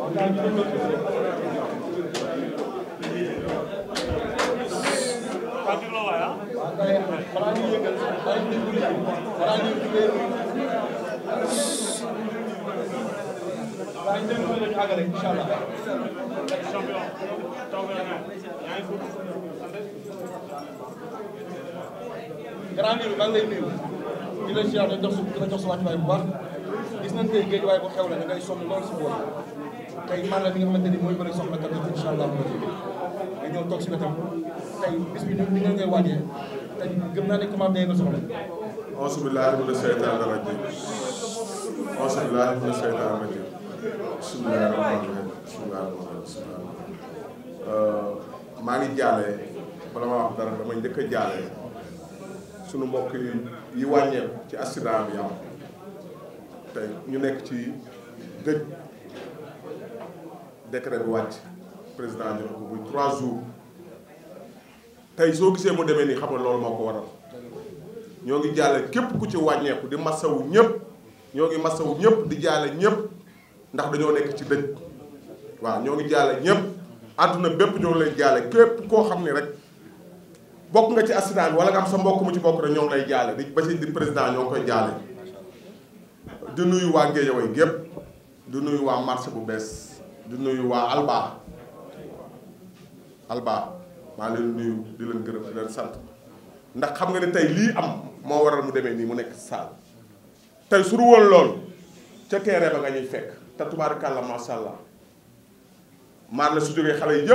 grand maa ngi lay nuyu di la ziar di la jox sa wàccuwaay bu baax gis nañ tey géej waaye bu xew la da ngay sonn lool si bool tey maanaam li nga ni mooy bëri soxla kattan incha allah mu ngi nga ñëw toog si tey bis bi ñun ni ngeen koy waajee tey gëm naa ne commande day nga soxla. maa ngi jaale bala ma wax dara dama njëkk a jaale sunu mbokk yi wàññeeku ci accident bi am tey ñu nekk ci dëj. décret bi wàcc président jox ko muy trois jours tey soo gisee mu demee nii xam nga loolu moo ko waral ñoo ngi jàlle képp ku ci wàññeeku di masawu ñëpp ñoo ngi masawu ñëpp di jàlle ñëpp ndax dañoo nekk ci dëj waaw ñoo ngi jàlle ñëpp àdduna bépp ñoo ngi lay jàlle képp koo xam ni rek bokk nga ci accident bi wala nga am sa mbokk mu ci bokk rek ñoo ngi lay jàlle di ba ci di président ñoo ngi koy jàlle di nuyu waa Guédiawaye gépp di nuyu waa marché bu bees du nuyu waa Alba Alba maa leen nuyu di leen gërëm di leen sant ndax xam nga ne tey lii am moo waral mu demee nii mu nekk saal tey su woon loolu ca teere ba nga ñuy fekk te tubaarikàlla macha la maar na su xale yi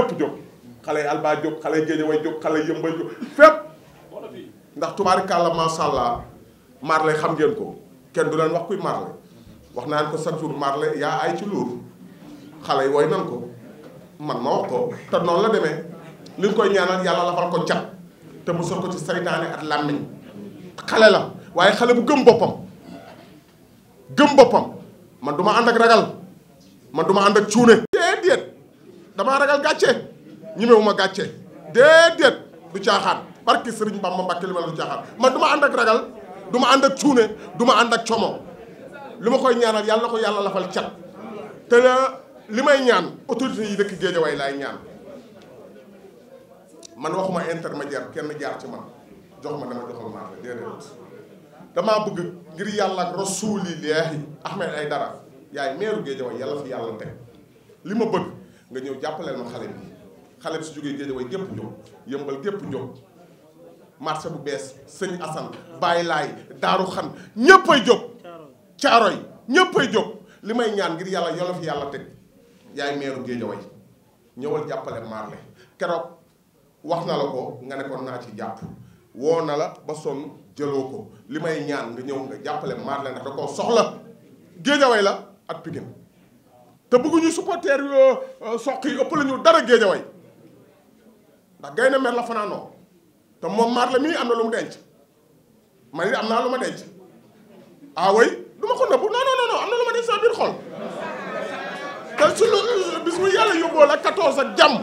Alba jóg xale yi Géejawaay jóg xale yi Yëmbal jóg fépp ndax tubaarikàlla macha allah lay xam ngeen ko kenn du leen wax kuy maar wax naan ko chaque jour maar lay yaa ay ci luur xale yi wooy nan ko man ma wax ko te noonu la deme li nga koy ñaanal yàlla lafal ko cat te musal ko ci saytaane ak làmmiñ xale la waaye xale bu gëm boppam gëm boppam man du ma ànd ak ragal man du ma ànd ak cuune déedéet damaa ragal gàcce ñimewu ma gàcce déedéet du caaxaan barki sëriñ Bamba Mbàkke li ma la du caaxaan man du ma ànd ak du ma ànd ak du ma ànd ak como li ma koy ñaanal yàlla ko yàlla lafal cat te la li may ñaan autorités yi dëkk Géejawaay laay ñaan man waxuma intermédiaire kenn jaar ci man jox ma dama joxal maa la déedéet damaa bëgg ngir yàlla ak rasuulillaahi Ahmed Aidara yaay meeru Géejawaay yàlla fi yàlla teg li ma bëgg nga ñëw jàppaleel ma xale bi xale bi su jógee Géejawaay gépp ñëw yëmbal gépp ñëw marché bu bees sëñ Assane bàyyi daaru xan ñépp ay jóg caaroy ñépp ay jóg li may ñaan ngir yàlla yàlla fi yàlla teg yaay meeru Guédiawaye ñëwal jàppale Marley keroog wax na la ko nga ne ko naa ci jàpp woo na la ba sonn jëloo ko li may ñaan nga ñëw nga jàppale Marley ndax da koo soxla Guédiawaye la ak Pikine te bëgguñu supporter euh, soq yi ëpp lañu ñu dara Guédiawaye ndax gaynde mer la fanaanoo te moom Marley mii am na lu mu denc man it am naa lu ma denc ah way du ma ko nëbbu non non am na lu ma denc sa biir xol. te su la bis bu yàlla yóbboo la 14 ak jàmm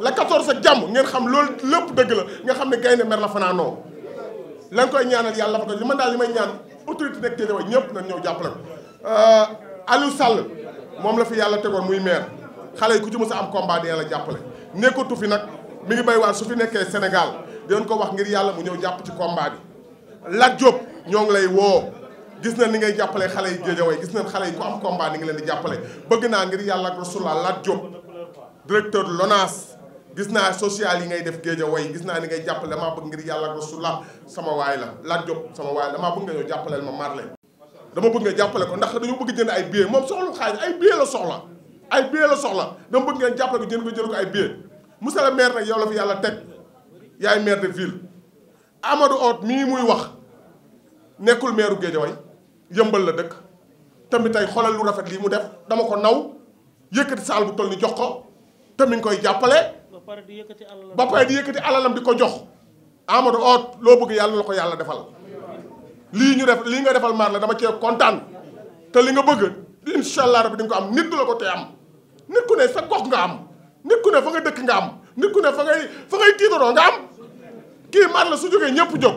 la 14 ak jàmm ngeen xam lool lépp dëgg la nga xam ne gaynde mer la fanaanoo lan koy ñaanal yàlla fa ko li man daal li may ñaan autorité nekk Guédiawaye ñëpp nañ ñëw jàppale ko euh, Aliou Sall moom la fi yàlla tegoon muy maire xale yi ku ci mës a am combat la yàlla jàppale nekkatu fi nag mi ngi bay waar su fi nekkee Sénégal di ko wax ngir yàlla mu ñëw jàpp ci combat bi Lat Diop ñoo ngi lay woo gis na ni ngay jàppale xale yi Géejawaay gis na xale yi ku am combat ni ngi leen di jàppale bëgg naa ngir yàlla ak Rasulullah Lat Diop directeur gis naa social yi ngay def way gis naa ni ngay jàppale damaa bëgg ngir yàlla ak Rasulullah sama waay la Lat Diop sama waay la damaa bëgg nga ñëw jàppaleel ma Marley dama bëgg nga jàppale ko ndax dañoo bëgg jënd ay billets moom soxla xaalis ay billets la soxla ay billets la soxla dama bëgg ngeen jàppale ko jënd ay billets monsieur le maire nag yow la fi yàlla teg yaay maire de ville Amadou Hott mii muy wax nekkul maire u Géejawaay yëmbal la dëkk tamit tey xoolal lu rafet lii mu def dama ko naw yëkkati saal bu toll ni jox ko te mi koy jàppale. ba pare di yëkkati alalam ba pare di yëkkati alalam di ko jox. Amadou Hott loo bëgg yàlla la ko yàlla defal lii ñu def lii nga defal maar la dama cee kontaan te li nga bëgg incha allah rabbi di ko am nit du la ko tee am nit ku ne sa gox nga am nit ku ne fa nga dëkk nga am nit ku ne fa ngay fa tiitaroo nga am kii maar la su jógee ñëpp jóg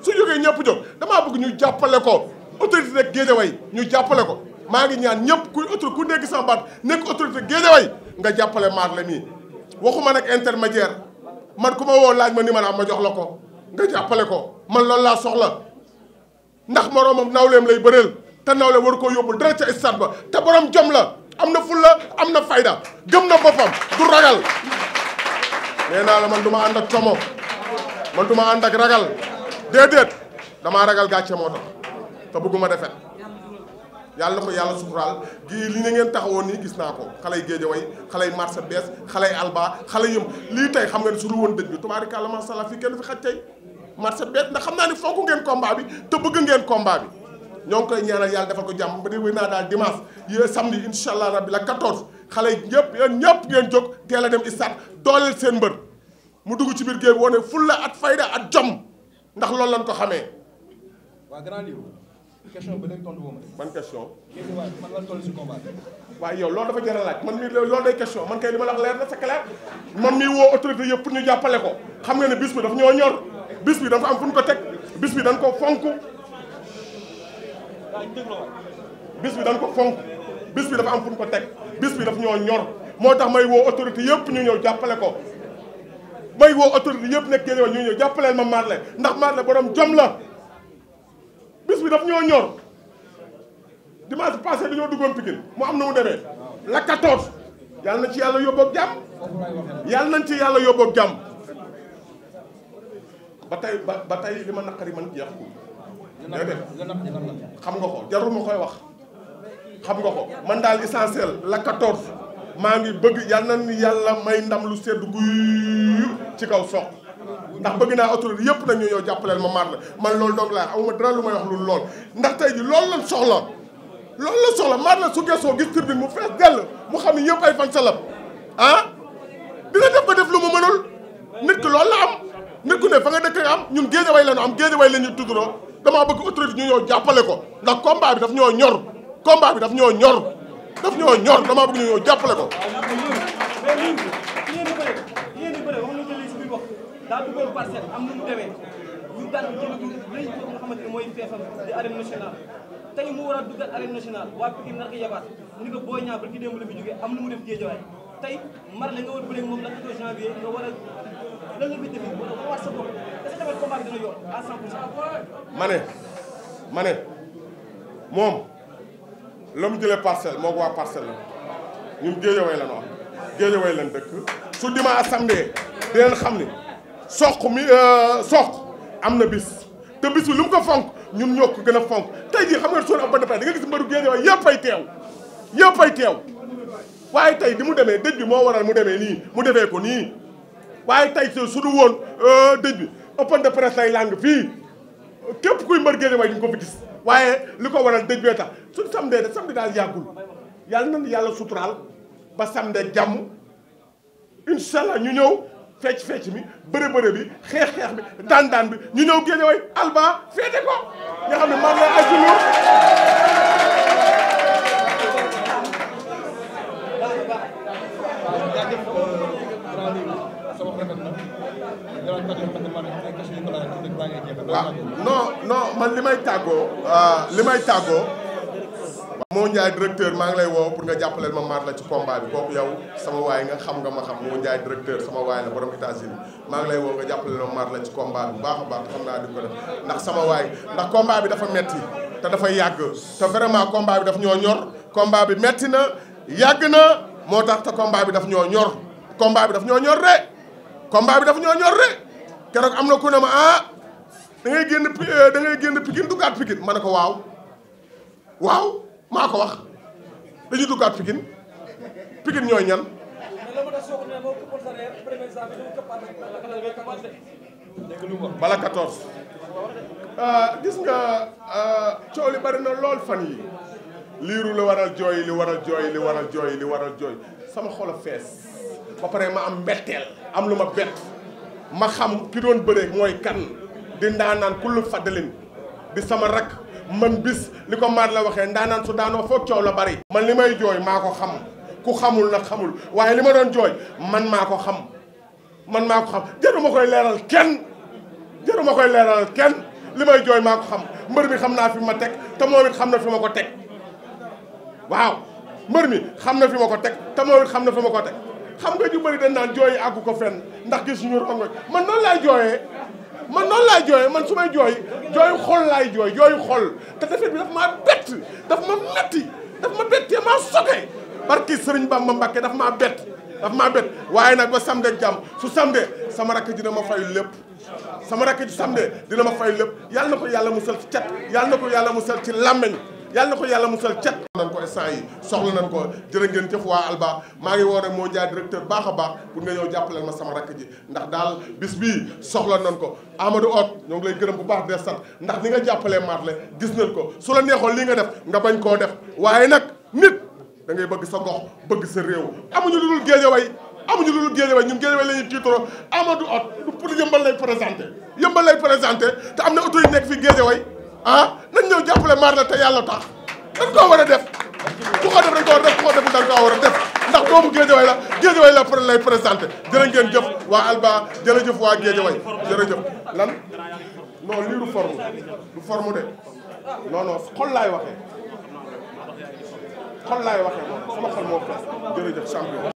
su jógee ñëpp jóg damaa bëgg ñu jàppale ko. autorité nag Géejawaay ñu jàppale ko maa ngi ñaan ñëpp ku autorité ku dégg sama baat nekk autorité Géejawaay nga jàppale maat la mii waxuma nag intermédiaire man ku ma woo laaj ma ni man am ma jox la ko nga jàppale ko man loolu laa soxla ndax ma moroomam nawleem lay bëreel te nawle waru koo yóbbul dara ca stade ba te borom jom la am na la am na fayda gëm na boppam du ragal nee naa la man du ma ànd ak tomo man du ma ànd ak ragal déedéet damaa ragal gàcce moo tax te bëgguma defet yàlla ko yàlla suturaal gi li na ngeen taxawoon nii gis naa ko xale yu géejawaay xale yu marché bees xale yu alba xale yëm lii tey xam nga ne su dul woon dëj bi tubaarikàlla maa sha Allah fii kenn fi xaj tey marché bees ndax xam naa ne fonk ngeen combat bi te bëgg ngeen combat bi ñoo ngi koy ñaanal yàlla defal ko jàmm ba dé wéy naa daal dimanche yé samedi incha allah rabbi la 14 xale yi ñëpp yéen ñëpp ngeen jóg teel a dem istade dooleel seen mbër mu dugg ci biir géej wone fulla at fayda at jom ndax loolu lañ ko xamee question ba de. ban question. géejewaay man lan si combat waaye yow loolu dafa jar laaj man mii loolu day question man kay li ma la wax leer na c'est clair man mii woo autorité yëpp pour ñu jàppale ko xam nga ne bis bi dafa ñoo ñor bis bi dafa am fu ko teg bis bi dañ ko fonk. bis dañ ko fonk bis bi dafa am fu ko teg bis bi dafa ñoo ñor moo tax may woo autorité yëpp ñu ñëw jàppale ko. may woo autorité yëpp nekk géejewaay ñu ñëw jàppaleel ma Marley ndax Marley borom jom la. bi daf ñoo ñor dimanche passé dañoo duggoon Pikine mu am na mu demee la 14 yàlla na ci yàlla yóbboog jàmm yàlla nañ ci yàlla yóbboog jàmm ba tey ba ba tey li ma naqari man jeex ko xam nga ko jarul ma koy wax xam nga ko man daal essentiel la 14 maa ngi bëgg yàlla na ni yàlla may ndam lu sedd guy ci kaw soq ndax bëgg naa autorité yëpp nag ñu ñëw jàppaleel ma maar la man loolu donc laa amuma dara lu may wax lu lool ndax tey ji loolu la soxla loolu la soxla maar la su gesoo gis tribune mu fees dell mu xam ne yëpp ay fan salam ah dina def ba def lu mu mënul nit ki loolu la am nit ku ne fa nga dëkk nga am ñun géejawaay la ñu am géejawaay la ñu tudduroo damaa bëgg autorité ñu ñëw jàppale ko ndax combat bi daf ñoo ñor combat bi daf ñoo ñor daf ñoo ñor damaa bëgg jàppale ko daa duggoon parcelle am nu mu demee ñu daan jël ñu rëy boobu nga xamante mu war a duggal arène nationale waa Pikine nar ko yabaat ni ko booy ñaar ba ci démb la fi jógee am nu mu def géejawaay tey mar la nga war bëre moom la ko janvier nga war a lan nga fi def wala war sa bopp est-ce que tamit combat bi dina yor à 100 pour cent ma ne ma ne moom la mu jëlee parcelle moo ko waa parcelle la ñun la ñu dëkk su dimanche samedi di leen xam ni soq mi euh, soq am na bis te bis bi lu mu ko fonk ñun ñoo ko gën a fonk tey jii xam nga suñu open presse da nga gis mbaru géej waaye yëpp ay teew yëpp ay teew waaye tey di mu demee dëj bi moo waral mu demee nii mu defee ko nii waaye tey su du woon euh, dëj bi open presse lay làng fii képp kuy mbar géej waaye ñu ko fi gis waaye li ko waral dëj bee tax suñ samedi de samedi daal yàggul yàlla na yàlla suturaal ba samedi jàmm incha ñu ñëw. fecc fecc mi bëre bëre bi xeex xeex bi daan daan bi ñu ñëw génne way alba ko nga xam ne maam la asilo waaw man li may tàggoo li may tàggoo moo Ndiaye directeur maa ngi lay wow pour nga jàppaleel ma maat la ci combat bi kooku yow sama xam nga ma xam moo Ndiaye directeur sama waay la borom États-Unis maa ngi lay woo nga jàppaleel ma maat la ci combat bi bu baax a baax xam naa di ko def ndax sama waay ndax kombaa bi dafa metti te dafa yàgg te vraiment combat bi daf ñoo ñor kombaa bi metti na yàgg na moo tax te bi daf ñoo ñor combat bi daf ñoo ñor de combat bi daf ñoo ñor de keroog am na ku ne ma ah da génn da ngay génn Pikine duggaat Pikine ma ne ko waaw waaw maa ko wax dañu duggaat Pikine Pikine ñooy ñan bala 14 euh, gis nga euh, coow li bari na lool fan yi liiru li waral jooy li waral jooy li waral jooy li waral jooy sama xol a fees ba pare ma am mbetteel am lu ma bett ma xam ki doon bëreeg mooy kan di ndaanaan kullu faddalin di sama rakk man bis li ko maar la waxee ndaanaan su daanoo foog coow la bari man li may jooy maa ko xam ku xamul nag xamul waaye li ma doon jooy man maa ko xam man maa ko xam jaruma koy leeral kenn jaruma koy leeral kenn li may jooy maa ko xam mbër mi xam naa fi ma teg te xam na fi ma ko teg waaw mbër mi xam na fi ma ko teg te moom xam na fi ma ko teg xam nga ju bëri dañ naan jooy àggu ko fenn ndax gis ñu rongoñ man noonu lay jooyee man noonu laay jooyee man su may jooy jooyu xol laay jooy jooyu xol te defet bi daf maa bett daf ma metti daf ma te maa soke barki sëriñ Bamba Mbakke daf ma bett daf maa bett waaye nag ba samedi ak jàmm su samedi sama rakk dina ma fay lépp sama rakk ji samedi dina ma fay lépp yàlla na ko yàlla musal ci cat yàlla na ko yàlla mu musal ci làmmeñ yàlla na ko yàlla musal cat nan ko instant yi soxla nan ko jërë ngeen jëf waa Alba maa ngi woo rek moo njaay directeur baax a baax pour nga ñëw jàppaleel ma sama rakk ji ndax daal bis bii soxla nan ko Amadou Hott ñoo ngi lay gërëm bu baax de sant ndax ni nga jàppalee Marley gis nañ ko su la neexoon li nga def nga bañ koo def waaye nag nit da ngay bëgg sa gox bëgg sa réew amuñu lu dul Géejawaay amuñu lu dul Géejawaay ñun Géejawaay la ñuy tiitaroo Amadou Hott pour yëmbal lay présenté yëmbal lay présenté te am na auto yi nekk fi Géejawaay ah nañ ñëw jàppale maar la te yàlla tax dañ koo war a def ku ko def dañ ko war a def ko war a def ndax doomu Géejawaay la Géejawaay la pr lay présenté jërë ngeen jëf waa Alba jërëjëf waa Géejawaay jërëjëf lan non lii du forme du forme de non non xol laay waxee xol laay waxee sama xol moo fees jërëjëf champion